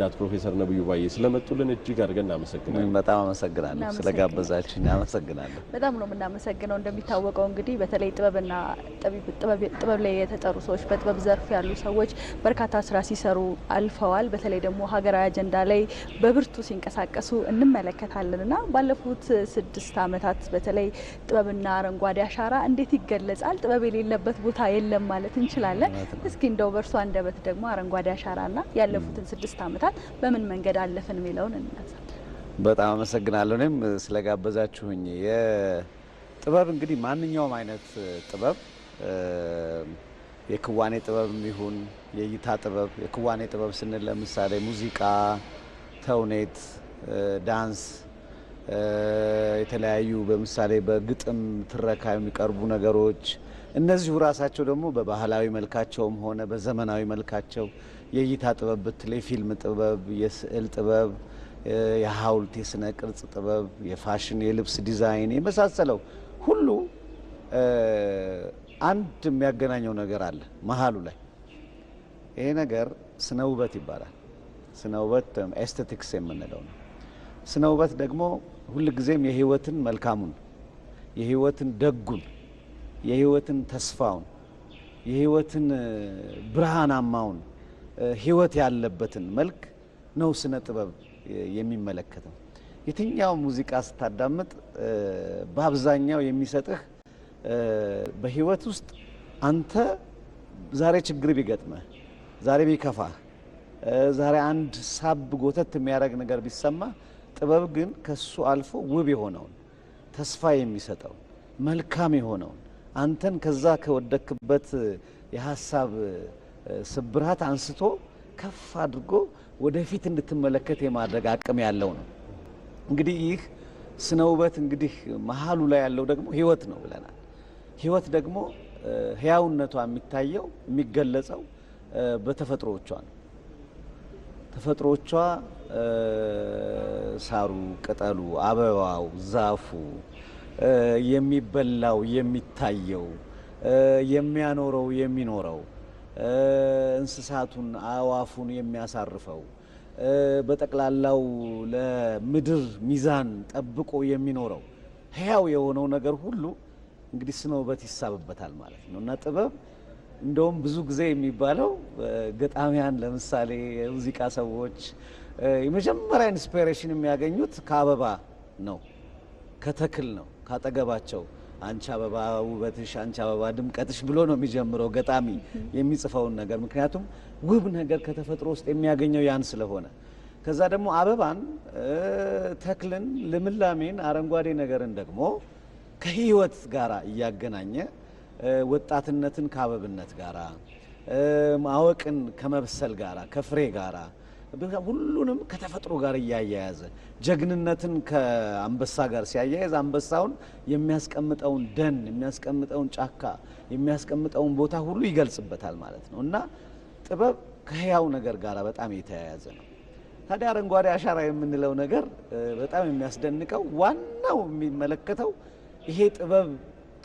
ረዳት ፕሮፌሰር ነብዩ ባዬ ስለመጡልን እጅግ አድርገን እናመሰግናለን። በጣም አመሰግናለሁ ስለጋበዛችሁ አመሰግናለሁ። በጣም ነው የምናመሰግነው። እንደሚታወቀው እንግዲህ በተለይ ጥበብና ጥበብ ላይ የተጠሩ ሰዎች በጥበብ ዘርፍ ያሉ ሰዎች በርካታ ስራ ሲሰሩ አልፈዋል። በተለይ ደግሞ ሀገራዊ አጀንዳ ላይ በብርቱ ሲንቀሳቀሱ እንመለከታለን እና ባለፉት ስድስት ዓመታት በተለይ ጥበብና አረንጓዴ አሻራ እንዴት ይገለጻል? ጥበብ የሌለበት ቦታ የለም ማለት እንችላለን። እስኪ እንደው በእርሷ አንደበት ደግሞ አረንጓዴ አሻራና ያለፉትን ስድስት አመታት ይመለከታል። በምን መንገድ አለፍን የሚለውን እንነሳ። በጣም አመሰግናለሁ። እኔም ስለጋበዛችሁኝ። የጥበብ እንግዲህ ማንኛውም አይነት ጥበብ የክዋኔ ጥበብ ይሁን የእይታ ጥበብ፣ የክዋኔ ጥበብ ስንል ለምሳሌ ሙዚቃ፣ ተውኔት፣ ዳንስ፣ የተለያዩ በምሳሌ በግጥም ትረካ የሚቀርቡ ነገሮች እነዚሁ ራሳቸው ደግሞ በባህላዊ መልካቸውም ሆነ በዘመናዊ መልካቸው የእይታ ጥበብ ብትል የፊልም ጥበብ፣ የስዕል ጥበብ፣ የሀውልት የስነ ቅርጽ ጥበብ፣ የፋሽን የልብስ ዲዛይን የመሳሰለው ሁሉ አንድ የሚያገናኘው ነገር አለ መሀሉ ላይ። ይሄ ነገር ስነ ውበት ይባላል። ስነ ውበት ኤስቴቲክስ የምንለው ነው። ስነ ውበት ደግሞ ሁልጊዜም የህይወትን መልካሙን የህይወትን ደጉን የህይወትን ተስፋውን የህይወትን ብርሃናማውን ህይወት ያለበትን መልክ ነው ስነ ጥበብ የሚመለከተው። የትኛው ሙዚቃ ስታዳምጥ በአብዛኛው የሚሰጥህ በህይወት ውስጥ አንተ ዛሬ ችግር ቢገጥመህ፣ ዛሬ ቢከፋህ፣ ዛሬ አንድ ሳብ ጎተት የሚያደርግ ነገር ቢሰማ፣ ጥበብ ግን ከሱ አልፎ ውብ የሆነውን ተስፋ የሚሰጠውን መልካም የሆነውን አንተን ከዛ ከወደክበት የሀሳብ ስብራት አንስቶ ከፍ አድርጎ ወደፊት እንድትመለከት የማድረግ አቅም ያለው ነው። እንግዲህ ይህ ስነ ውበት እንግዲህ መሀሉ ላይ ያለው ደግሞ ህይወት ነው ብለናል። ህይወት ደግሞ ህያውነቷ የሚታየው የሚገለጸው በተፈጥሮዎቿ ነው። ተፈጥሮቿ ሳሩ፣ ቅጠሉ፣ አበባው፣ ዛፉ የሚበላው የሚታየው የሚያኖረው የሚኖረው እንስሳቱን አእዋፉን የሚያሳርፈው በጠቅላላው ለምድር ሚዛን ጠብቆ የሚኖረው ህያው የሆነው ነገር ሁሉ እንግዲህ ስነ ውበት ይሳብበታል ማለት ነው እና ጥበብ እንደውም ብዙ ጊዜ የሚባለው ገጣሚያን ለምሳሌ የሙዚቃ ሰዎች የመጀመሪያ ኢንስፒሬሽን የሚያገኙት ከአበባ ነው፣ ከተክል ነው። ካጠገባቸው አንቺ አበባ ውበትሽ፣ አንቺ አበባ ድምቀትሽ ብሎ ነው የሚጀምረው ገጣሚ የሚጽፈውን ነገር። ምክንያቱም ውብ ነገር ከተፈጥሮ ውስጥ የሚያገኘው ያን ስለሆነ ከዛ ደግሞ አበባን፣ ተክልን፣ ልምላሜን፣ አረንጓዴ ነገርን ደግሞ ከህይወት ጋር እያገናኘ ወጣትነትን ከአበብነት ጋራ ማወቅን ከመብሰል ጋራ ከፍሬ ጋራ ሁሉንም ከተፈጥሮ ጋር እያያያዘ ጀግንነትን ከአንበሳ ጋር ሲያያይዝ አንበሳውን የሚያስቀምጠውን ደን፣ የሚያስቀምጠውን ጫካ፣ የሚያስቀምጠውን ቦታ ሁሉ ይገልጽበታል ማለት ነው እና ጥበብ ከህያው ነገር ጋር በጣም የተያያዘ ነው። ታዲያ አረንጓዴ አሻራ የምንለው ነገር በጣም የሚያስደንቀው ዋናው የሚመለከተው ይሄ ጥበብ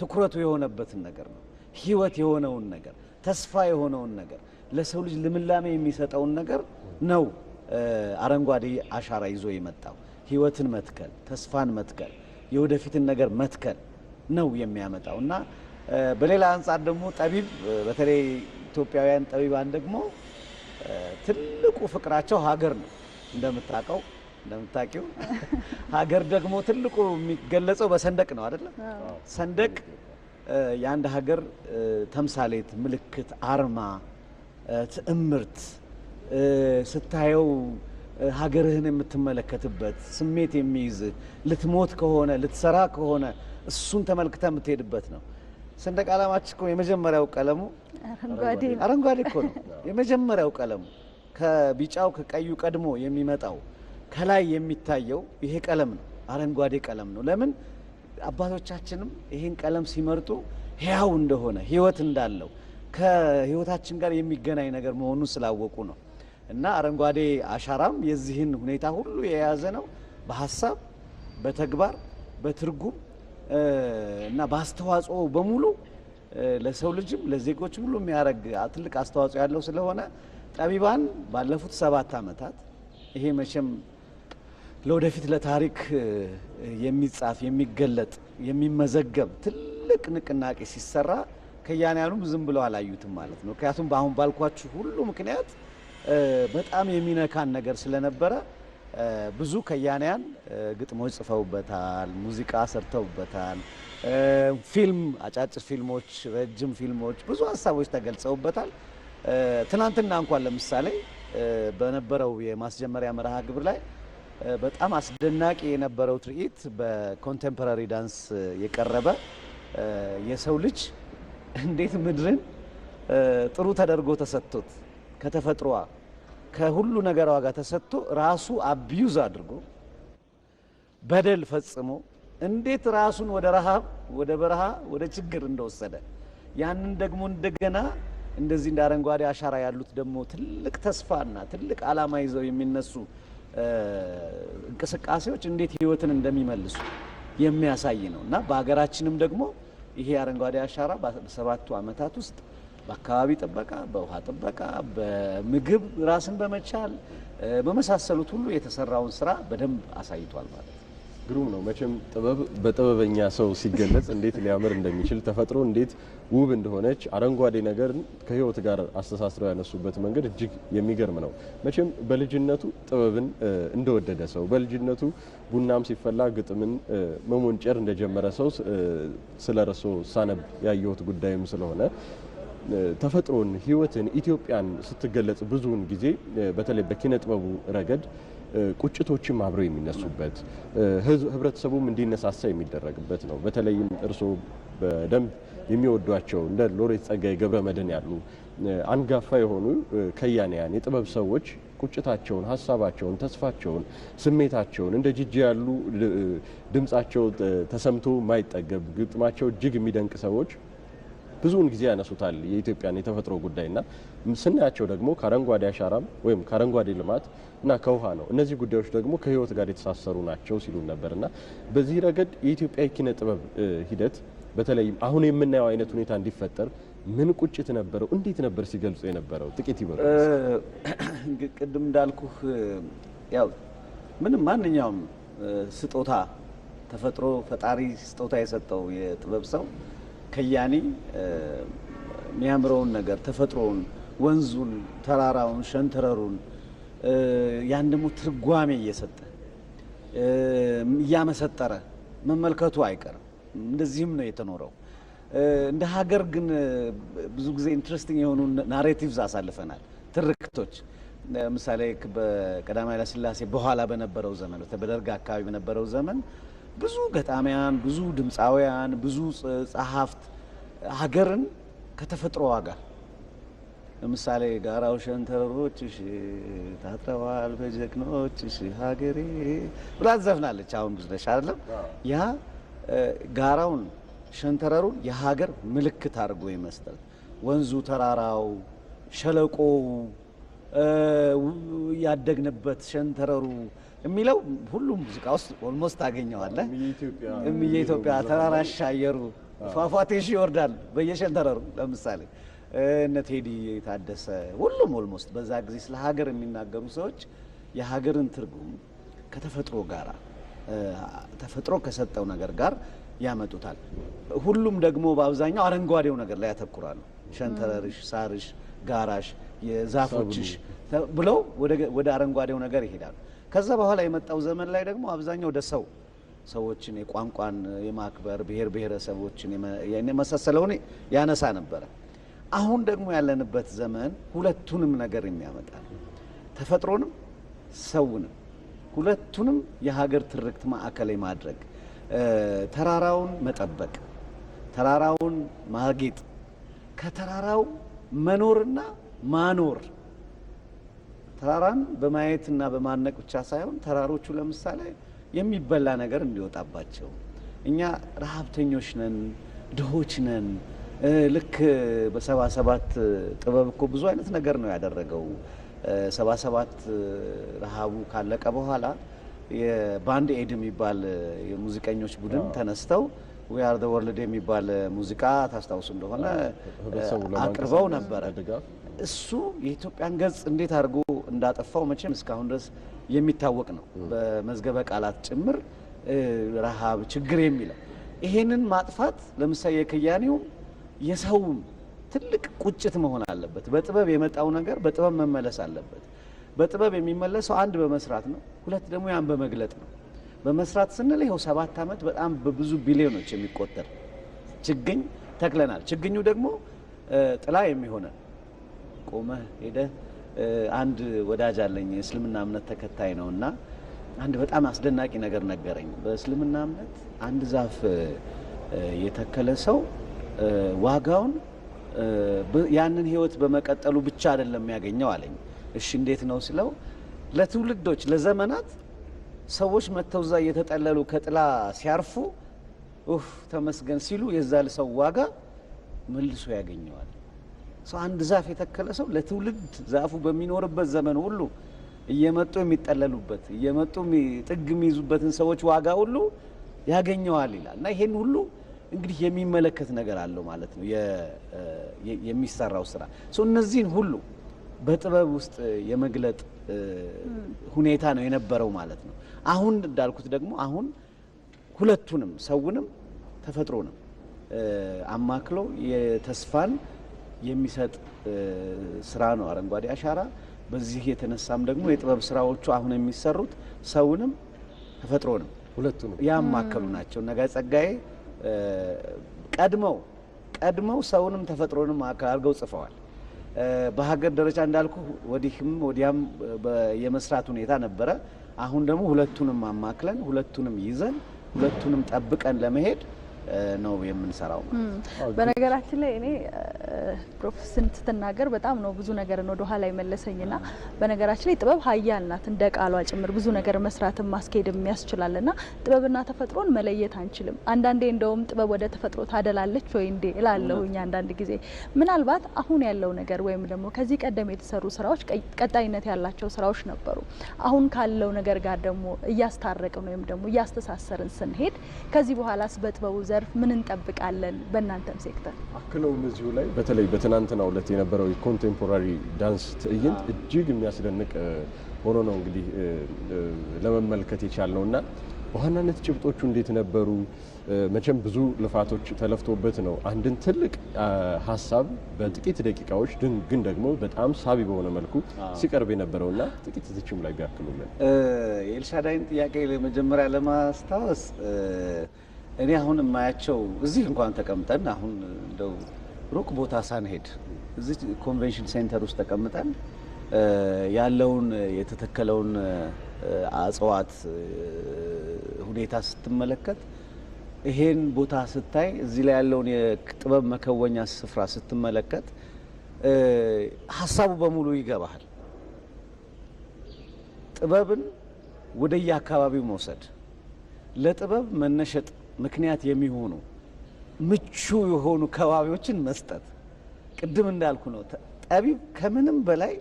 ትኩረቱ የሆነበትን ነገር ነው። ህይወት የሆነውን ነገር፣ ተስፋ የሆነውን ነገር ለሰው ልጅ ልምላሜ የሚሰጠውን ነገር ነው አረንጓዴ አሻራ ይዞ የመጣው። ህይወትን መትከል፣ ተስፋን መትከል፣ የወደፊትን ነገር መትከል ነው የሚያመጣው እና በሌላ አንጻር ደግሞ ጠቢብ በተለይ ኢትዮጵያውያን ጠቢባን ደግሞ ትልቁ ፍቅራቸው ሀገር ነው። እንደምታውቀው እንደምታውቂው ሀገር ደግሞ ትልቁ የሚገለጸው በሰንደቅ ነው አይደለም? ሰንደቅ የአንድ ሀገር ተምሳሌት፣ ምልክት፣ አርማ ትዕምርት ስታየው ሀገርህን የምትመለከትበት ስሜት የሚይዝህ ልትሞት ከሆነ ልትሰራ ከሆነ እሱን ተመልክተ የምትሄድበት ነው። ሰንደቅ ዓላማችን እኮ የመጀመሪያው ቀለሙ አረንጓዴ እኮ ነው። የመጀመሪያው ቀለሙ ከቢጫው ከቀዩ ቀድሞ የሚመጣው ከላይ የሚታየው ይሄ ቀለም ነው። አረንጓዴ ቀለም ነው። ለምን አባቶቻችንም ይህን ቀለም ሲመርጡ ህያው እንደሆነ ህይወት እንዳለው ከህይወታችን ጋር የሚገናኝ ነገር መሆኑን ስላወቁ ነው እና አረንጓዴ አሻራም የዚህን ሁኔታ ሁሉ የያዘ ነው። በሀሳብ በተግባር በትርጉም እና በአስተዋጽኦ በሙሉ ለሰው ልጅም ለዜጎች ሁሉ የሚያደርግ ትልቅ አስተዋጽኦ ያለው ስለሆነ ጠቢባን ባለፉት ሰባት ዓመታት ይሄ መቼም ለወደፊት ለታሪክ የሚጻፍ የሚገለጥ የሚመዘገብ ትልቅ ንቅናቄ ሲሰራ ከያንያኑም ዝም ብለው አላዩትም ማለት ነው። ምክንያቱም በአሁን ባልኳችሁ ሁሉ ምክንያት በጣም የሚነካን ነገር ስለነበረ ብዙ ከያንያን ግጥሞች ጽፈውበታል፣ ሙዚቃ ሰርተውበታል፣ ፊልም፣ አጫጭር ፊልሞች፣ ረጅም ፊልሞች፣ ብዙ ሀሳቦች ተገልጸውበታል። ትናንትና እንኳን ለምሳሌ በነበረው የማስጀመሪያ መርሃ ግብር ላይ በጣም አስደናቂ የነበረው ትርኢት በኮንቴምፖራሪ ዳንስ የቀረበ የሰው ልጅ እንዴት ምድርን ጥሩ ተደርጎ ተሰጥቶት ከተፈጥሯ ከሁሉ ነገሯ ጋር ተሰጥቶ ራሱ አቢዩዝ አድርጎ በደል ፈጽሞ እንዴት ራሱን ወደ ረሃብ፣ ወደ በረሃ፣ ወደ ችግር እንደወሰደ ያንን ደግሞ እንደገና እንደዚህ እንደ አረንጓዴ አሻራ ያሉት ደግሞ ትልቅ ተስፋና ትልቅ ዓላማ ይዘው የሚነሱ እንቅስቃሴዎች እንዴት ህይወትን እንደሚመልሱ የሚያሳይ ነው እና በሀገራችንም ደግሞ ይሄ አረንጓዴ አሻራ በሰባቱ አመታት ውስጥ በአካባቢ ጥበቃ፣ በውሃ ጥበቃ፣ በምግብ ራስን በመቻል በመሳሰሉት ሁሉ የተሰራውን ስራ በደንብ አሳይቷል ማለት ነው። ግሩም ነው መቼም ጥበብ በጥበበኛ ሰው ሲገለጽ እንዴት ሊያምር እንደሚችል ተፈጥሮ እንዴት ውብ እንደሆነች አረንጓዴ ነገር ከህይወት ጋር አስተሳስረው ያነሱበት መንገድ እጅግ የሚገርም ነው። መቼም በልጅነቱ ጥበብን እንደወደደ ሰው በልጅነቱ ቡናም ሲፈላ ግጥምን መሞንጨር እንደጀመረ ሰው ስለ ርሶ ሳነብ ያየሁት ጉዳይም ስለሆነ ተፈጥሮን፣ ህይወትን፣ ኢትዮጵያን ስትገለጽ ብዙውን ጊዜ በተለይ በኪነ ጥበቡ ረገድ ቁጭቶችም አብረው የሚነሱበት ህብረተሰቡም እንዲነሳሳ የሚደረግበት ነው። በተለይም እርስዎ በደንብ የሚወዷቸው እንደ ሎሬት ጸጋዬ ገብረ መድኅን ያሉ አንጋፋ የሆኑ ከያንያን የጥበብ ሰዎች ቁጭታቸውን፣ ሀሳባቸውን፣ ተስፋቸውን፣ ስሜታቸውን እንደ ጅጅ ያሉ ድምጻቸው ተሰምቶ ማይጠገብ ግጥማቸው እጅግ የሚደንቅ ሰዎች ብዙውን ጊዜ ያነሱታል የኢትዮጵያን የተፈጥሮ ጉዳይና ስናያቸው ደግሞ ከአረንጓዴ አሻራም ወይም ከአረንጓዴ ልማት እና ከውሃ ነው። እነዚህ ጉዳዮች ደግሞ ከህይወት ጋር የተሳሰሩ ናቸው ሲሉ ነበርና በዚህ ረገድ የኢትዮጵያ የኪነ ጥበብ ሂደት በተለይም አሁን የምናየው አይነት ሁኔታ እንዲፈጠር ምን ቁጭት ነበረው? እንዴት ነበር ሲገልጹ የነበረው? ጥቂት ይበሉ። ቅድም እንዳልኩህ ያው ምንም ማንኛውም ስጦታ ተፈጥሮ ፈጣሪ ስጦታ የሰጠው የጥበብ ሰው ከያኔ የሚያምረውን ነገር ተፈጥሮውን፣ ወንዙን፣ ተራራውን፣ ሸንተረሩን ያን ደግሞ ትርጓሜ እየሰጠ እያመሰጠረ መመልከቱ አይቀርም። እንደዚህም ነው የተኖረው። እንደ ሀገር ግን ብዙ ጊዜ ኢንትረስቲንግ የሆኑ ናሬቲቭዝ አሳልፈናል፣ ትርክቶች። ለምሳሌ በቀዳማዊ ኃይለሥላሴ በኋላ በነበረው ዘመን በደርግ አካባቢ በነበረው ዘመን ብዙ ገጣሚያን፣ ብዙ ድምፃውያን፣ ብዙ ጸሐፍት ሀገርን ከተፈጥሮዋ ጋር ለምሳሌ ጋራው ሸንተረሮችሽ ታጥረዋል በጀግኖችሽ ሀገሬ ብላ ትዘፍናለች። አሁን ብዙ ነሽ አይደለም? ያ ጋራውን ሸንተረሩን የሀገር ምልክት አድርጎ ይመስላል። ወንዙ፣ ተራራው፣ ሸለቆው፣ ያደግንበት ሸንተረሩ የሚለው ሁሉም ሙዚቃ ውስጥ ኦልሞስት ታገኘዋለህ። የኢትዮጵያ ተራራሽ አየሩ ፏፏቴሽ ይወርዳል በየሸንተረሩ ለምሳሌ እነ ቴዲ የታደሰ ሁሉም ኦልሞስት በዛ ጊዜ ስለ ሀገር የሚናገሩ ሰዎች የሀገርን ትርጉም ከተፈጥሮ ጋር ተፈጥሮ ከሰጠው ነገር ጋር ያመጡታል። ሁሉም ደግሞ በአብዛኛው አረንጓዴው ነገር ላይ ያተኩራሉ። ሸንተረርሽ፣ ሳርሽ፣ ጋራሽ፣ የዛፎችሽ ብለው ወደ አረንጓዴው ነገር ይሄዳሉ። ከዛ በኋላ የመጣው ዘመን ላይ ደግሞ አብዛኛው ወደ ሰው ሰዎችን የቋንቋን የማክበር ብሔር ብሔረሰቦችን የመሳሰለውን ያነሳ ነበረ። አሁን ደግሞ ያለንበት ዘመን ሁለቱንም ነገር የሚያመጣ ተፈጥሮንም ሰውንም ሁለቱንም የሀገር ትርክት ማዕከል ማድረግ ተራራውን መጠበቅ፣ ተራራውን ማጌጥ፣ ከተራራው መኖርና ማኖር ተራራን በማየትና በማነቅ ብቻ ሳይሆን ተራሮቹ ለምሳሌ የሚበላ ነገር እንዲወጣባቸው እኛ ረሀብተኞች ነን፣ ድሆች ነን። ልክ በሰባ ሰባት ጥበብ እኮ ብዙ አይነት ነገር ነው ያደረገው። ሰባ ሰባት ረሃቡ ካለቀ በኋላ የባንድ ኤድ የሚባል የሙዚቀኞች ቡድን ተነስተው ዊ አር ዘ ወርልድ የሚባል ሙዚቃ ታስታውሱ እንደሆነ አቅርበው ነበረ። እሱ የኢትዮጵያን ገጽ እንዴት አድርጎ እንዳጠፋው መቼም እስካሁን ድረስ የሚታወቅ ነው። በመዝገበ ቃላት ጭምር ረሃብ፣ ችግር የሚለው ይሄንን ማጥፋት ለምሳሌ የክያኔውም የሰውም ትልቅ ቁጭት መሆን አለበት። በጥበብ የመጣው ነገር በጥበብ መመለስ አለበት። በጥበብ የሚመለሰው አንድ በመስራት ነው፣ ሁለት ደግሞ ያን በመግለጥ ነው። በመስራት ስንል ይኸው ሰባት ዓመት በጣም በብዙ ቢሊዮኖች የሚቆጠር ችግኝ ተክለናል። ችግኙ ደግሞ ጥላ የሚሆነን ቆመህ ሄደህ አንድ ወዳጅ አለኝ የእስልምና እምነት ተከታይ ነው እና አንድ በጣም አስደናቂ ነገር ነገረኝ። በእስልምና እምነት አንድ ዛፍ የተከለ ሰው ዋጋውን ያንን ህይወት በመቀጠሉ ብቻ አይደለም የሚያገኘው አለኝ። እሺ እንዴት ነው ስለው ለትውልዶች ለዘመናት ሰዎች መጥተው እዛ እየተጠለሉ ከጥላ ሲያርፉ ኡፍ ተመስገን ሲሉ የዛ ሰው ዋጋ መልሶ ያገኘዋል። ሰው አንድ ዛፍ የተከለ ሰው ለትውልድ ዛፉ በሚኖርበት ዘመን ሁሉ እየመጡ የሚጠለሉበት እየመጡ ጥግ የሚይዙበትን ሰዎች ዋጋ ሁሉ ያገኘዋል ይላል እና ይሄን ሁሉ እንግዲህ የሚመለከት ነገር አለው ማለት ነው የሚሰራው ስራ። እነዚህን ሁሉ በጥበብ ውስጥ የመግለጥ ሁኔታ ነው የነበረው ማለት ነው። አሁን እንዳልኩት ደግሞ አሁን ሁለቱንም ሰውንም ተፈጥሮንም አማክሎ የተስፋን የሚሰጥ ስራ ነው አረንጓዴ አሻራ። በዚህ የተነሳም ደግሞ የጥበብ ስራዎቹ አሁን የሚሰሩት ሰውንም ተፈጥሮንም ሁለቱንም ያማከሉ ናቸው። ነገ ጸጋዬ ቀድመው ቀድመው ሰውንም ተፈጥሮንም አድርገው ጽፈዋል። በሀገር ደረጃ እንዳልኩ ወዲህም ወዲያም የመስራት ሁኔታ ነበረ። አሁን ደግሞ ሁለቱንም አማክለን ሁለቱንም ይዘን ሁለቱንም ጠብቀን ለመሄድ ነው የምንሰራው። በነገራችን ላይ እኔ ፕሮፌሰርን ስትናገር በጣም ነው ብዙ ነው ወደ ኋላ የመለሰኝና በነገራችን ላይ ጥበብ ሀያል ናት እንደ ቃሏ ጭምር ብዙ ነገር መስራትን ማስኬድም ያስችላልና ጥበብና ተፈጥሮን መለየት አንችልም። አንዳንዴ እንደውም ጥበብ ወደ ተፈጥሮ ታደላለች ወይ እንዴ እላለሁኝ አንዳንድ ጊዜ ምናልባት አሁን ያለው ነገር ወይም ደግሞ ከዚህ ቀደም የተሰሩ ስራዎች ቀጣይነት ያላቸው ስራዎች ነበሩ። አሁን ካለው ነገር ጋር ደግሞ እያስታረቅን ወይም ደግሞ እያስተሳሰርን ስንሄድ ከዚህ በኋላስ በጥበቡ ዘ ዘርፍ ምን እንጠብቃለን? በእናንተም ሴክተር አክለውም እዚሁ ላይ በተለይ በትናንትናው ዕለት የነበረው የኮንቴምፖራሪ ዳንስ ትዕይንት እጅግ የሚያስደንቅ ሆኖ ነው እንግዲህ ለመመልከት የቻልነው እና በዋናነት ጭብጦቹ እንዴት ነበሩ? መቼም ብዙ ልፋቶች ተለፍቶበት ነው አንድን ትልቅ ሀሳብ በጥቂት ደቂቃዎች ግን ደግሞ በጣም ሳቢ በሆነ መልኩ ሲቀርብ የነበረው ና ጥቂት ትችም ላይ ቢያክሉልን የኤልሻዳይን ጥያቄ መጀመሪያ ለማስታወስ እኔ አሁን የማያቸው እዚህ እንኳን ተቀምጠን አሁን እንደው ሩቅ ቦታ ሳንሄድ እዚህ ኮንቬንሽን ሴንተር ውስጥ ተቀምጠን ያለውን የተተከለውን እጽዋት ሁኔታ ስትመለከት ይሄን ቦታ ስታይ እዚህ ላይ ያለውን የጥበብ መከወኛ ስፍራ ስትመለከት ሀሳቡ በሙሉ ይገባሃል። ጥበብን ወደየ አካባቢው መውሰድ፣ ለጥበብ መነሸጥ ምክንያት የሚሆኑ ምቹ የሆኑ ከባቢዎችን መስጠት። ቅድም እንዳልኩ ነው፣ ጠቢብ ከምንም በላይ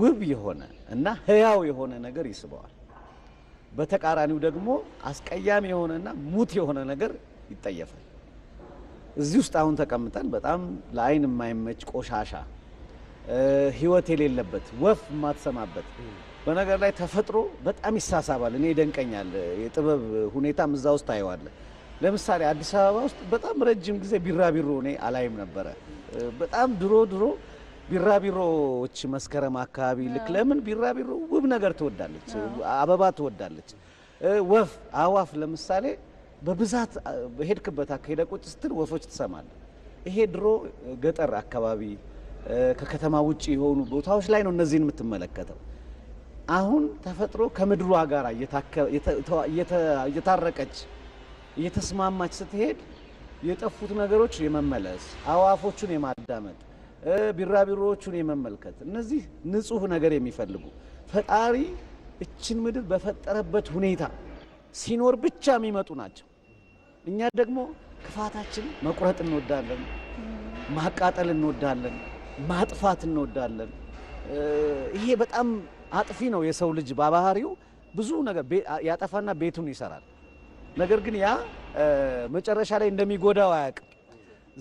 ውብ የሆነ እና ህያው የሆነ ነገር ይስበዋል። በተቃራኒው ደግሞ አስቀያሚ የሆነና ሙት የሆነ ነገር ይጠየፋል። እዚህ ውስጥ አሁን ተቀምጠን በጣም ለአይን የማይመች ቆሻሻ ህይወት የሌለበት ወፍ የማትሰማበት በነገር ላይ ተፈጥሮ በጣም ይሳሳባል። እኔ ይደንቀኛል የጥበብ ሁኔታም እዛ ውስጥ ታየዋለህ። ለምሳሌ አዲስ አበባ ውስጥ በጣም ረጅም ጊዜ ቢራቢሮ እኔ አላይም ነበረ። በጣም ድሮ ድሮ ቢራቢሮዎች መስከረም አካባቢ ልክ ለምን ቢራቢሮ ውብ ነገር ትወዳለች፣ አበባ ትወዳለች። ወፍ አዋፍ ለምሳሌ በብዛት ሄድክበት አካሄደ ቁጭ ስትል ወፎች ትሰማለ። ይሄ ድሮ ገጠር አካባቢ ከከተማ ውጭ የሆኑ ቦታዎች ላይ ነው እነዚህን የምትመለከተው። አሁን ተፈጥሮ ከምድሯ ጋር እየታረቀች እየተስማማች ስትሄድ የጠፉት ነገሮች የመመለስ አዋፎቹን የማዳመጥ ቢራቢሮዎቹን የመመልከት እነዚህ ንጹህ ነገር የሚፈልጉ ፈጣሪ እችን ምድር በፈጠረበት ሁኔታ ሲኖር ብቻ የሚመጡ ናቸው። እኛ ደግሞ ክፋታችን መቁረጥ እንወዳለን፣ ማቃጠል እንወዳለን፣ ማጥፋት እንወዳለን። ይሄ በጣም አጥፊ ነው። የሰው ልጅ በባህሪው ብዙ ነገር ያጠፋና ቤቱን ይሰራል። ነገር ግን ያ መጨረሻ ላይ እንደሚጎዳው አያውቅም።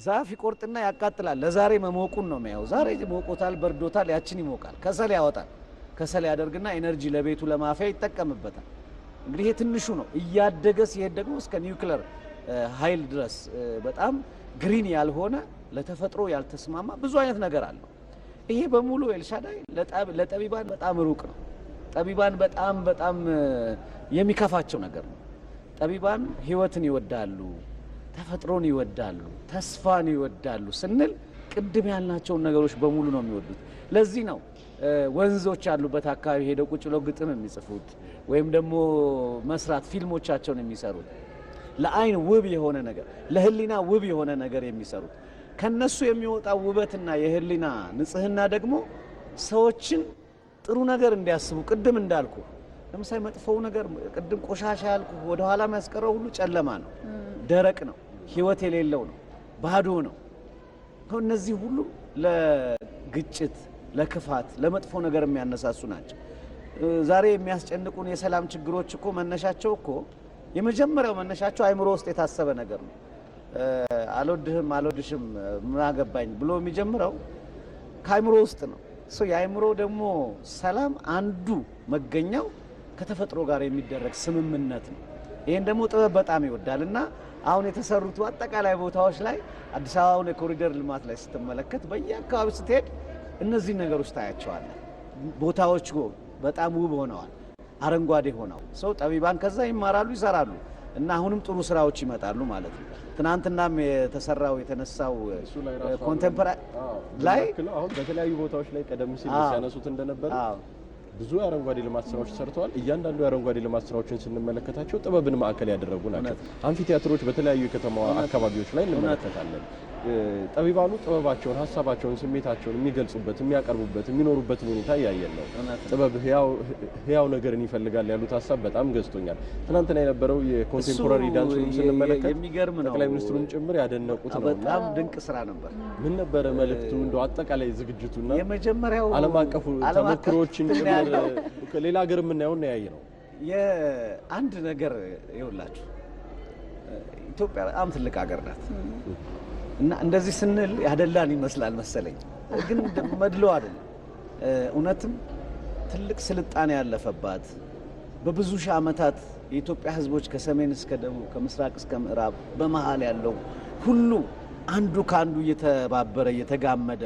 ዛፍ ይቆርጥና ያቃጥላል። ለዛሬ መሞቁን ነው የሚያየው። ዛሬ ሞቆታል፣ በርዶታል፣ ያችን ይሞቃል፣ ከሰል ያወጣል። ከሰል ያደርግና ኤነርጂ ለቤቱ ለማፍያ ይጠቀምበታል። እንግዲህ ይሄ ትንሹ ነው። እያደገ ሲሄድ ደግሞ እስከ ኒውክለር ኃይል ድረስ በጣም ግሪን ያልሆነ ለተፈጥሮ ያልተስማማ ብዙ አይነት ነገር አለው። ይሄ በሙሉ ኤልሻዳይ ለጠቢባን በጣም ሩቅ ነው። ጠቢባን በጣም በጣም የሚከፋቸው ነገር ነው። ጠቢባን ህይወትን ይወዳሉ፣ ተፈጥሮን ይወዳሉ፣ ተስፋን ይወዳሉ ስንል ቅድም ያልናቸውን ነገሮች በሙሉ ነው የሚወዱት። ለዚህ ነው ወንዞች ያሉበት አካባቢ ሄደው ቁጭ ብለው ግጥም የሚጽፉት ወይም ደግሞ መስራት ፊልሞቻቸውን የሚሰሩት ለአይን ውብ የሆነ ነገር ለህሊና ውብ የሆነ ነገር የሚሰሩት ከነሱ የሚወጣው ውበትና የህሊና ንጽህና ደግሞ ሰዎችን ጥሩ ነገር እንዲያስቡ ቅድም እንዳልኩ ለምሳሌ መጥፎው ነገር ቅድም ቆሻሻ ያልኩ ወደኋላ የሚያስቀረው ሁሉ ጨለማ ነው፣ ደረቅ ነው፣ ህይወት የሌለው ነው፣ ባዶ ነው። እነዚህ ሁሉ ለግጭት፣ ለክፋት፣ ለመጥፎ ነገር የሚያነሳሱ ናቸው። ዛሬ የሚያስጨንቁን የሰላም ችግሮች እኮ መነሻቸው እኮ የመጀመሪያው መነሻቸው አይምሮ ውስጥ የታሰበ ነገር ነው። አልወድህም አልወድሽም ምን አገባኝ ብሎ የሚጀምረው ከአእምሮ ውስጥ ነው። የአይምሮ ደግሞ ሰላም አንዱ መገኛው ከተፈጥሮ ጋር የሚደረግ ስምምነት ነው። ይህን ደግሞ ጥበብ በጣም ይወዳል እና አሁን የተሰሩት አጠቃላይ ቦታዎች ላይ አዲስ አበባውን የኮሪደር ልማት ላይ ስትመለከት በየአካባቢ ስትሄድ እነዚህ ነገሮች ታያቸዋለን። ቦታዎች በጣም ውብ ሆነዋል፣ አረንጓዴ ሆነዋል። ሰው ጠቢባን ከዛ ይማራሉ፣ ይሰራሉ። እና አሁንም ጥሩ ስራዎች ይመጣሉ ማለት ነው። ትናንትናም የተሰራው የተነሳው ኮንቴምፖራ ላይ አሁን በተለያዩ ቦታዎች ላይ ቀደም ሲል ሲያነሱት እንደነበረ ብዙ የአረንጓዴ ልማት ስራዎች ሰርተዋል እያንዳንዱ የአረንጓዴ ልማት ስራዎችን ስንመለከታቸው ጥበብን ማዕከል ያደረጉ ናቸው። አምፊ ቲያትሮች በተለያዩ የከተማ አካባቢዎች ላይ እንመለከታለን። ጠቢባኑ ጥበባቸውን፣ ሀሳባቸውን፣ ስሜታቸውን የሚገልጹበት የሚያቀርቡበት የሚኖሩበትን ሁኔታ እያየን ነው። ጥበብ ህያው ነገርን ይፈልጋል ያሉት ሀሳብ በጣም ገዝቶኛል። ትናንትና የነበረው የኮንቴምፖራሪ ዳንስ ስንመለከት ጠቅላይ ሚኒስትሩን ጭምር ያደነቁት ነው። በጣም ድንቅ ስራ ነበር። ምን ነበረ መልእክቱ እንደ አጠቃላይ ዝግጅቱና የመጀመሪያው አለም አቀፉ ተሞክሮዎችን ጭምር ሌላ ሀገር የምናየው ነው ያየ ነው የአንድ ነገር ይውላችሁ ኢትዮጵያ በጣም ትልቅ ሀገር ናት። እና እንደዚህ ስንል ያደላን ይመስላል መሰለኝ፣ ግን መድሎ አይደል። እውነትም ትልቅ ስልጣኔ ያለፈባት በብዙ ሺህ ዓመታት የኢትዮጵያ ሕዝቦች ከሰሜን እስከ ደቡብ ከምስራቅ እስከ ምዕራብ በመሀል ያለው ሁሉ አንዱ ከአንዱ እየተባበረ እየተጋመደ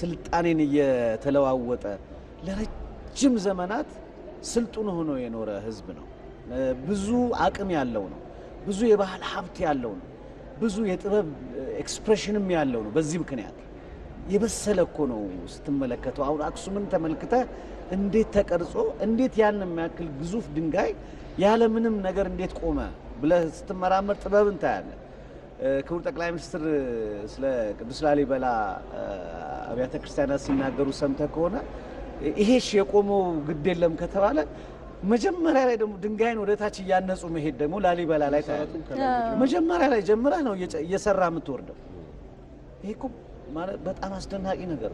ስልጣኔን እየተለዋወጠ ለረጅም ዘመናት ስልጡን ሆኖ የኖረ ሕዝብ ነው። ብዙ አቅም ያለው ነው። ብዙ የባህል ሀብት ያለው ነው። ብዙ የጥበብ ኤክስፕሬሽንም ያለው ነው። በዚህ ምክንያት የበሰለ እኮ ነው ስትመለከተው። አሁን አክሱምን ተመልክተ እንዴት ተቀርጾ እንዴት ያን የሚያክል ግዙፍ ድንጋይ ያለምንም ነገር እንዴት ቆመ ብለህ ስትመራመር ጥበብ ታያለ። ክቡር ጠቅላይ ሚኒስትር ስለ ቅዱስ ላሊበላ አብያተ ክርስቲያናት ሲናገሩ ሰምተ ከሆነ ይሄሽ የቆመው ግድ የለም ከተባለ መጀመሪያ ላይ ደግሞ ድንጋይን ወደ ታች እያነጹ መሄድ ደግሞ ላሊበላ ላይ መጀመሪያ ላይ ጀምራ ነው እየሰራ የምትወርደው። ይሄ እኮ ማለት በጣም አስደናቂ ነገር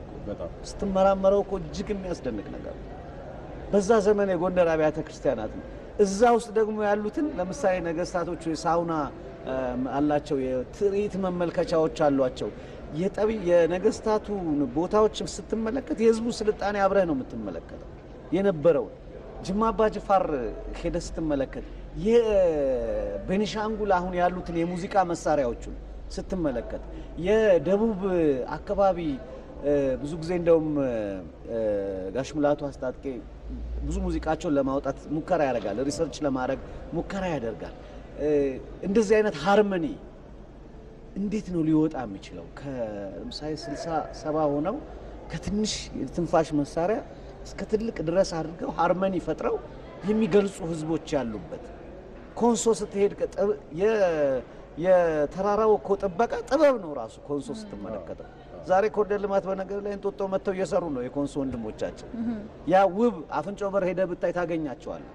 ስትመራመረው እኮ እጅግ የሚያስደንቅ ነገር በዛ ዘመን የጎንደር አብያተ ክርስቲያናት ነው። እዛ ውስጥ ደግሞ ያሉትን ለምሳሌ ነገስታቶቹ የሳውና አላቸው፣ የትርኢት መመልከቻዎች አሏቸው። የነገስታቱን ቦታዎች ስትመለከት የህዝቡ ስልጣኔ አብረህ ነው የምትመለከተው የነበረውን ጅማ አባ ጅፋር ሄደ ስትመለከት የቤኒሻንጉል አሁን ያሉትን የሙዚቃ መሳሪያዎቹን ስትመለከት የደቡብ አካባቢ ብዙ ጊዜ እንደውም ጋሽ ሙላቱ አስታጥቄ ብዙ ሙዚቃቸውን ለማውጣት ሙከራ ያደርጋል፣ ሪሰርች ለማድረግ ሙከራ ያደርጋል። እንደዚህ አይነት ሃርመኒ እንዴት ነው ሊወጣ የሚችለው? ከምሳሌ ስልሳ ሰባ ሆነው ከትንሽ ትንፋሽ መሳሪያ እስከ ትልቅ ድረስ አድርገው ሃርመኒ ፈጥረው የሚገልጹ ህዝቦች ያሉበት ኮንሶ ስትሄድ የተራራው እኮ ጥበቃ ጥበብ ነው ራሱ ኮንሶ ስትመለከተው። ዛሬ ኮሪደር ልማት በነገር ላይ እንጦጦ መጥተው እየሰሩ ነው የኮንሶ ወንድሞቻችን። ያ ውብ አፍንጮ በር ሄደ ብታይ ታገኛቸዋለህ።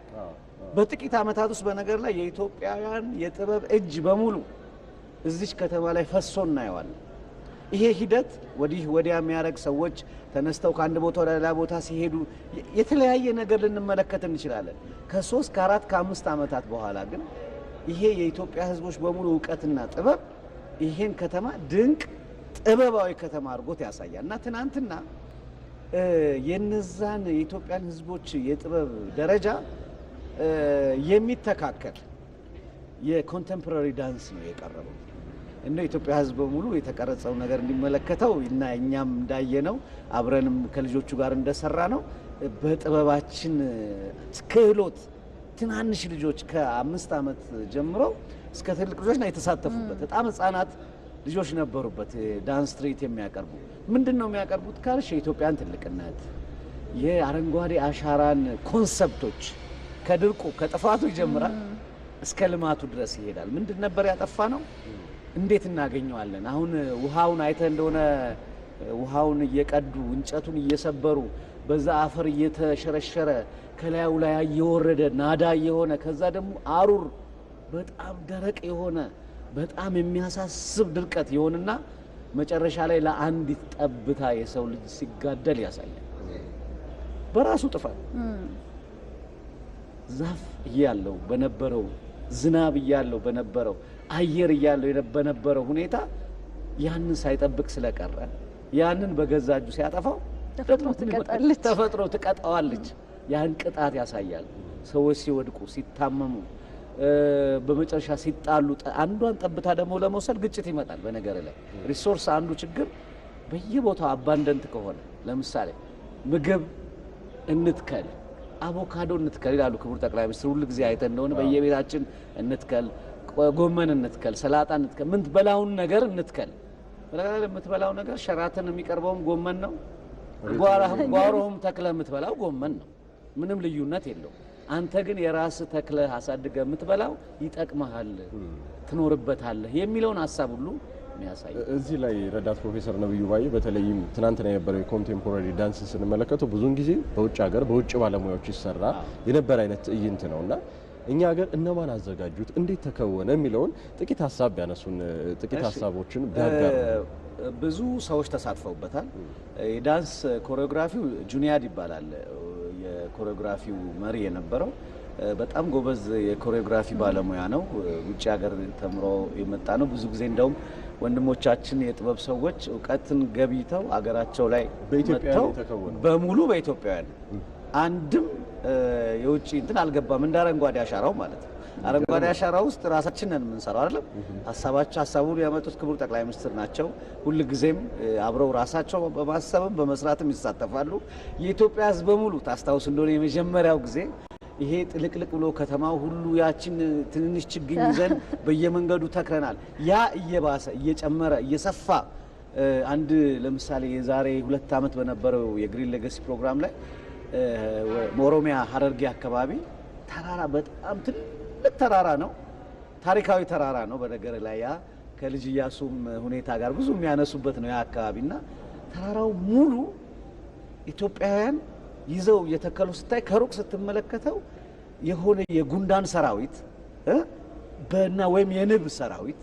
በጥቂት ዓመታት ውስጥ በነገር ላይ የኢትዮጵያውያን የጥበብ እጅ በሙሉ እዚች ከተማ ላይ ፈሶ እናየዋለን። ይሄ ሂደት ወዲህ ወዲያ የሚያደርግ ሰዎች ተነስተው ከአንድ ቦታ ወደ ሌላ ቦታ ሲሄዱ የተለያየ ነገር ልንመለከት እንችላለን። ከሶስት ከአራት ከአምስት ዓመታት በኋላ ግን ይሄ የኢትዮጵያ ሕዝቦች በሙሉ እውቀትና ጥበብ ይሄን ከተማ ድንቅ ጥበባዊ ከተማ አድርጎት ያሳያል እና ትናንትና የነዛን የኢትዮጵያን ሕዝቦች የጥበብ ደረጃ የሚተካከል የኮንቴምፖራሪ ዳንስ ነው የቀረበው። እንደ ኢትዮጵያ ሕዝብ በሙሉ የተቀረጸው ነገር እንዲመለከተው እና እኛም እንዳየ ነው አብረንም ከልጆቹ ጋር እንደሰራ ነው በጥበባችን ክህሎት ትናንሽ ልጆች ከአምስት ዓመት ጀምሮ እስከ ትልቅ ልጆች ነው የተሳተፉበት። በጣም ህጻናት ልጆች ነበሩበት። ዳንስ ትርኢት የሚያቀርቡ ምንድን ነው የሚያቀርቡት ካልሽ የኢትዮጵያን ትልቅነት የአረንጓዴ አሻራን ኮንሰፕቶች ከድርቁ ከጥፋቱ ይጀምራል እስከ ልማቱ ድረስ ይሄዳል። ምንድን ነበር ያጠፋ ነው እንዴት እናገኘዋለን? አሁን ውሃውን አይተ እንደሆነ ውሃውን እየቀዱ እንጨቱን እየሰበሩ በዛ አፈር እየተሸረሸረ ከላዩ ላይ እየወረደ ናዳ እየሆነ ከዛ ደግሞ አሩር በጣም ደረቅ የሆነ በጣም የሚያሳስብ ድርቀት የሆንና መጨረሻ ላይ ለአንዲት ጠብታ የሰው ልጅ ሲጋደል ያሳያል። በራሱ ጥፋት ዛፍ እያለው በነበረው ዝናብ እያለው በነበረው አየር እያለው በነበረው ሁኔታ ያንን ሳይጠብቅ ስለቀረ ያንን በገዛ እጁ ሲያጠፋው ተፈጥሮ ትቀጣዋለች። ያን ቅጣት ያሳያል። ሰዎች ሲወድቁ፣ ሲታመሙ፣ በመጨረሻ ሲጣሉ አንዷን ጠብታ ደግሞ ለመውሰድ ግጭት ይመጣል። በነገር ላይ ሪሶርስ አንዱ ችግር በየቦታው አባንደንት ከሆነ ለምሳሌ ምግብ እንትከል፣ አቮካዶ እንትከል ይላሉ ክቡር ጠቅላይ ሚኒስትር። ጊዜ አይተን እንደሆነ በየቤታችን እንትከል ጎመን እንትከል፣ ሰላጣ እንትከል፣ ምን ነገር እንትከል። በነገራችን የምትበላው ነገር ሸራተን የሚቀርበውም ጎመን ነው። ጓሮህም ተክለ የምትበላው ጎመን ነው። ምንም ልዩነት የለውም። አንተ ግን የራስህ ተክለ አሳድገ የምትበላው ይጠቅመሃል፣ ትኖርበታለህ የሚለውን ሀሳብ ሁሉ እዚህ ላይ ረዳት ፕሮፌሰር ነብዩ ባዬ በተለይም ትናንትና የነበረው የኮንቴምፖራሪ ዳንስ ስንመለከተው ብዙውን ጊዜ በውጭ ሀገር በውጭ ባለሙያዎች ይሰራ የነበረ አይነት ትዕይንት ነው እና እኛ ሀገር እነማን አዘጋጁት፣ እንዴት ተከወነ የሚለውን ጥቂት ሀሳብ ያነሱን፣ ጥቂት ሀሳቦችን ቢያጋሩ። ብዙ ሰዎች ተሳትፈውበታል። የዳንስ ኮሪዮግራፊው ጁኒያድ ይባላል። የኮሪዮግራፊው መሪ የነበረው በጣም ጎበዝ የኮሪዮግራፊ ባለሙያ ነው። ውጭ ሀገር ተምሮ የመጣ ነው። ብዙ ጊዜ እንደውም ወንድሞቻችን የጥበብ ሰዎች እውቀትን ገብይተው አገራቸው ላይ መጥተው በሙሉ በኢትዮጵያውያን አንድም የውጭ እንትን አልገባም። እንደ አረንጓዴ አሻራው ማለት ነው። አረንጓዴ አሻራ ውስጥ ራሳችን ነን የምንሰራው አይደለም። ሀሳባቸው ሀሳቡን ያመጡት ክቡር ጠቅላይ ሚኒስትር ናቸው። ሁልጊዜም አብረው ራሳቸው በማሰብም በመስራትም ይሳተፋሉ። የኢትዮጵያ ሕዝብ በሙሉ ታስታውስ እንደሆነ የመጀመሪያው ጊዜ ይሄ ጥልቅልቅ ብሎ ከተማው ሁሉ ያችን ትንንሽ ችግኝ ይዘን በየመንገዱ ተክረናል። ያ እየባሰ እየጨመረ እየሰፋ አንድ ለምሳሌ የዛሬ ሁለት ዓመት በነበረው የግሪን ሌገሲ ፕሮግራም ላይ ኦሮሚያ ሀረርጌ አካባቢ ተራራ በጣም ትልቅ ተራራ ነው። ታሪካዊ ተራራ ነው። በነገር ላይ ያ ከልጅ እያሱም ሁኔታ ጋር ብዙ የሚያነሱበት ነው ያ አካባቢ እና ተራራው ሙሉ ኢትዮጵያውያን ይዘው እየተከሉ ስታይ ከሩቅ ስትመለከተው የሆነ የጉንዳን ሰራዊት በና ወይም የንብ ሰራዊት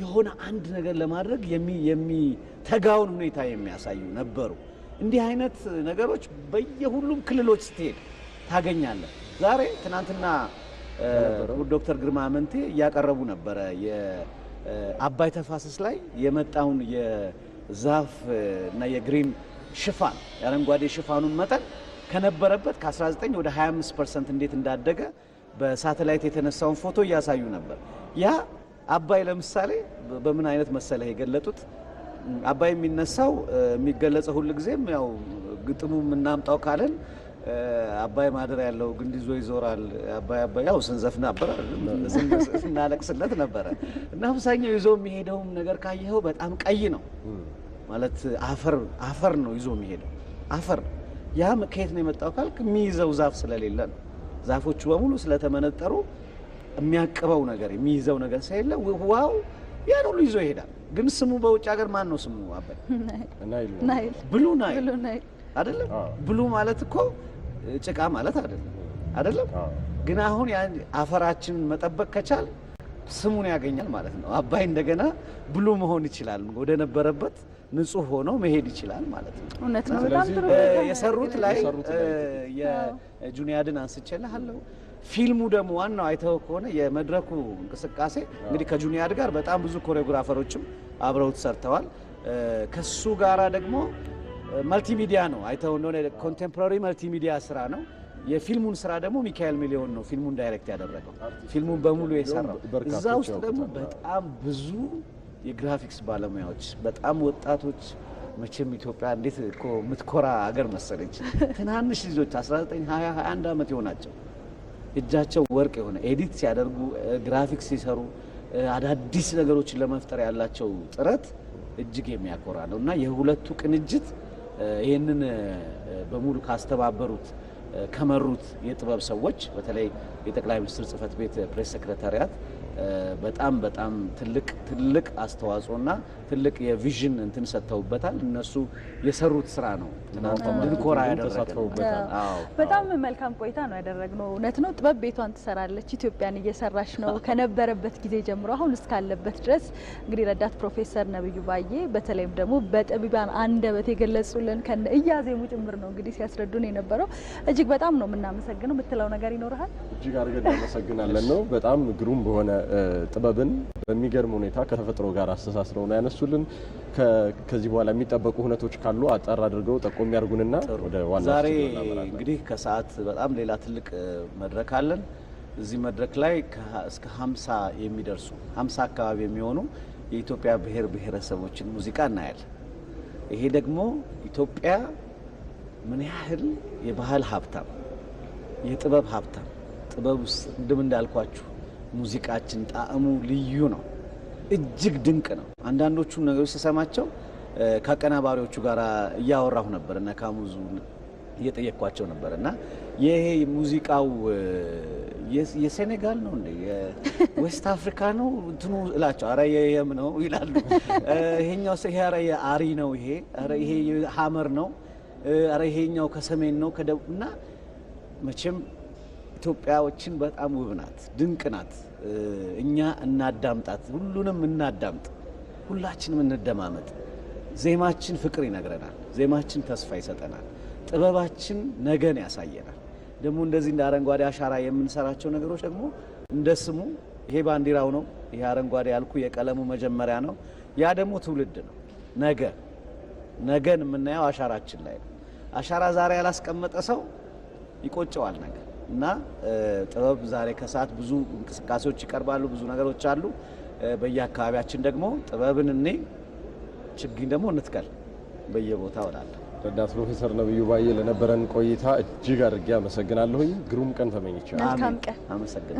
የሆነ አንድ ነገር ለማድረግ የሚተጋውን ሁኔታ የሚያሳዩ ነበሩ። እንዲህ አይነት ነገሮች በየሁሉም ክልሎች ስትሄድ ታገኛለህ። ዛሬ ትናንትና ዶክተር ግርማ አመንቴ እያቀረቡ ነበረ የአባይ ተፋሰስ ላይ የመጣውን የዛፍ እና የግሪን ሽፋን የአረንጓዴ ሽፋኑን መጠን ከነበረበት ከ19 ወደ 25 ፐርሰንት እንዴት እንዳደገ በሳተላይት የተነሳውን ፎቶ እያሳዩ ነበር። ያ አባይ ለምሳሌ በምን አይነት መሰለህ የገለጡት አባይ የሚነሳው የሚገለጸው ጊዜም ያው ግጥሙ የምናምጣው ካለን አባይ ማደር ያለው ግንድ ይዞ ይዞራል። አባይ አባይ ያው ስንዘፍ ነበረ ስናለቅስለት ነበረ እና አብዛኛው ይዞ የሚሄደውም ነገር ካየኸው በጣም ቀይ ነው ማለት አፈር አፈር ነው ይዞ የሚሄደው አፈር። ያ ከየት ነው የመጣው ካልክ የሚይዘው ዛፍ ስለሌለ ነው። ዛፎቹ በሙሉ ስለተመነጠሩ የሚያቅበው ነገር የሚይዘው ነገር ስለሌለ ውሃው ያን ሁሉ ይዞ ይሄዳል። ግን ስሙ በውጭ ሀገር ማን ነው ስሙ? አባይ ናይል፣ ብሉ ናይል አይደለም። ብሉ ማለት እኮ ጭቃ ማለት አይደለም አይደለም። ግን አሁን አፈራችንን መጠበቅ ከቻል ስሙን ያገኛል ማለት ነው። አባይ እንደገና ብሉ መሆን ይችላል፣ ወደ ነበረበት ንጹህ ሆኖ መሄድ ይችላል ማለት ነው። እውነት ነው። በጣም ጥሩ የሰሩት ላይ የጁኒያድን አንስቼልሃለሁ ፊልሙ ደግሞ ዋናው አይተው ከሆነ የመድረኩ እንቅስቃሴ እንግዲህ ከጁኒያድ ጋር በጣም ብዙ ኮሪዮግራፈሮችም አብረውት ሰርተዋል። ከሱ ጋራ ደግሞ መልቲሚዲያ ነው። አይተው እንደሆነ ኮንቴምፖራሪ መልቲሚዲያ ስራ ነው። የፊልሙን ስራ ደግሞ ሚካኤል ሚሊዮን ነው ፊልሙን ዳይሬክት ያደረገው፣ ፊልሙን በሙሉ የሰራው። እዛ ውስጥ ደግሞ በጣም ብዙ የግራፊክስ ባለሙያዎች በጣም ወጣቶች መቼም ኢትዮጵያ እንዴት እኮ የምትኮራ አገር መሰለች። ትናንሽ ልጆች 19 20 21 ዓመት የሆናቸው እጃቸው ወርቅ የሆነ ኤዲት ሲያደርጉ ግራፊክስ ሲሰሩ አዳዲስ ነገሮችን ለመፍጠር ያላቸው ጥረት እጅግ የሚያኮራ ነው እና የሁለቱ ቅንጅት ይህንን በሙሉ ካስተባበሩት ከመሩት የጥበብ ሰዎች በተለይ የጠቅላይ ሚኒስትር ጽህፈት ቤት ፕሬስ ሰክረታሪያት። በጣም በጣም ትልቅ ትልቅ አስተዋጽኦና ትልቅ የቪዥን እንትን ሰጥተውበታል። እነሱ የሰሩት ስራ ነው ድንኮራ ያደረገበታል። በጣም መልካም ቆይታ ነው ያደረግነው። እውነት ነው ጥበብ ቤቷን ትሰራለች። ኢትዮጵያን እየሰራች ነው ከነበረበት ጊዜ ጀምሮ አሁን እስካለበት ድረስ። እንግዲህ ረዳት ፕሮፌሰር ነብዩ ባዬ በተለይም ደግሞ በጠቢባን አንደበት የገለጹልን ከነ እያዜሙ ጭምር ነው እንግዲህ ሲያስረዱን የነበረው። እጅግ በጣም ነው የምናመሰግነው። የምትለው ነገር ይኖርሃል? እጅግ አድርገን እናመሰግናለን ነው በጣም ግሩም በሆነ ጥበብን በሚገርም ሁኔታ ከተፈጥሮ ጋር አስተሳስረው ነው ያነሱልን። ከዚህ በኋላ የሚጠበቁ ሁነቶች ካሉ አጠር አድርገው ጠቆም ያርጉንና ወደ ዋና ዛሬ እንግዲህ ከሰዓት በጣም ሌላ ትልቅ መድረክ አለን። እዚህ መድረክ ላይ እስከ ሀምሳ የሚደርሱ ሀምሳ አካባቢ የሚሆኑ የኢትዮጵያ ብሔር ብሔረሰቦችን ሙዚቃ እናያለን። ይሄ ደግሞ ኢትዮጵያ ምን ያህል የባህል ሀብታም የጥበብ ሀብታም ጥበብ ውስጥ ቅድም እንዳልኳችሁ ሙዚቃችን ጣዕሙ ልዩ ነው፣ እጅግ ድንቅ ነው። አንዳንዶቹን ነገሮች ስሰማቸው ከአቀናባሪዎቹ ጋር እያወራሁ ነበር እና ካሙዙ እየጠየቅኳቸው ነበር እና ይሄ ሙዚቃው የሴኔጋል ነው እንዴ የዌስት አፍሪካ ነው እንትኑ እላቸው። አረ የየም ነው ይላሉ። ይሄኛው ሰ አረ የአሪ ነው ይሄ አረ ይሄ ሀመር ነው አረ ይሄኛው ከሰሜን ነው ከደቡብ እና መቼም ኢትዮጵያዎችን በጣም ውብ ናት፣ ድንቅ ናት። እኛ እናዳምጣት፣ ሁሉንም እናዳምጥ፣ ሁላችንም እንደማመጥ። ዜማችን ፍቅር ይነግረናል። ዜማችን ተስፋ ይሰጠናል። ጥበባችን ነገን ያሳየናል። ደግሞ እንደዚህ እንደ አረንጓዴ አሻራ የምንሰራቸው ነገሮች ደግሞ እንደ ስሙ ይሄ ባንዲራው ነው፣ ይሄ አረንጓዴ ያልኩ የቀለሙ መጀመሪያ ነው። ያ ደግሞ ትውልድ ነው። ነገ ነገን የምናየው አሻራችን ላይ ነው። አሻራ ዛሬ ያላስቀመጠ ሰው ይቆጨዋል ነገር እና ጥበብ ዛሬ ከሰዓት ብዙ እንቅስቃሴዎች ይቀርባሉ፣ ብዙ ነገሮች አሉ። በየአካባቢያችን ደግሞ ጥበብን እኔ ችግኝ ደግሞ እንትከል በየቦታ እላለሁ። ረዳት ፕሮፌሰር ነብዩ ባዬ ለነበረን ቆይታ እጅግ አድርጌ አመሰግናለሁኝ። ግሩም ቀን ተመኝቻለሁ። መልካም ቀን። አመሰግናለሁ።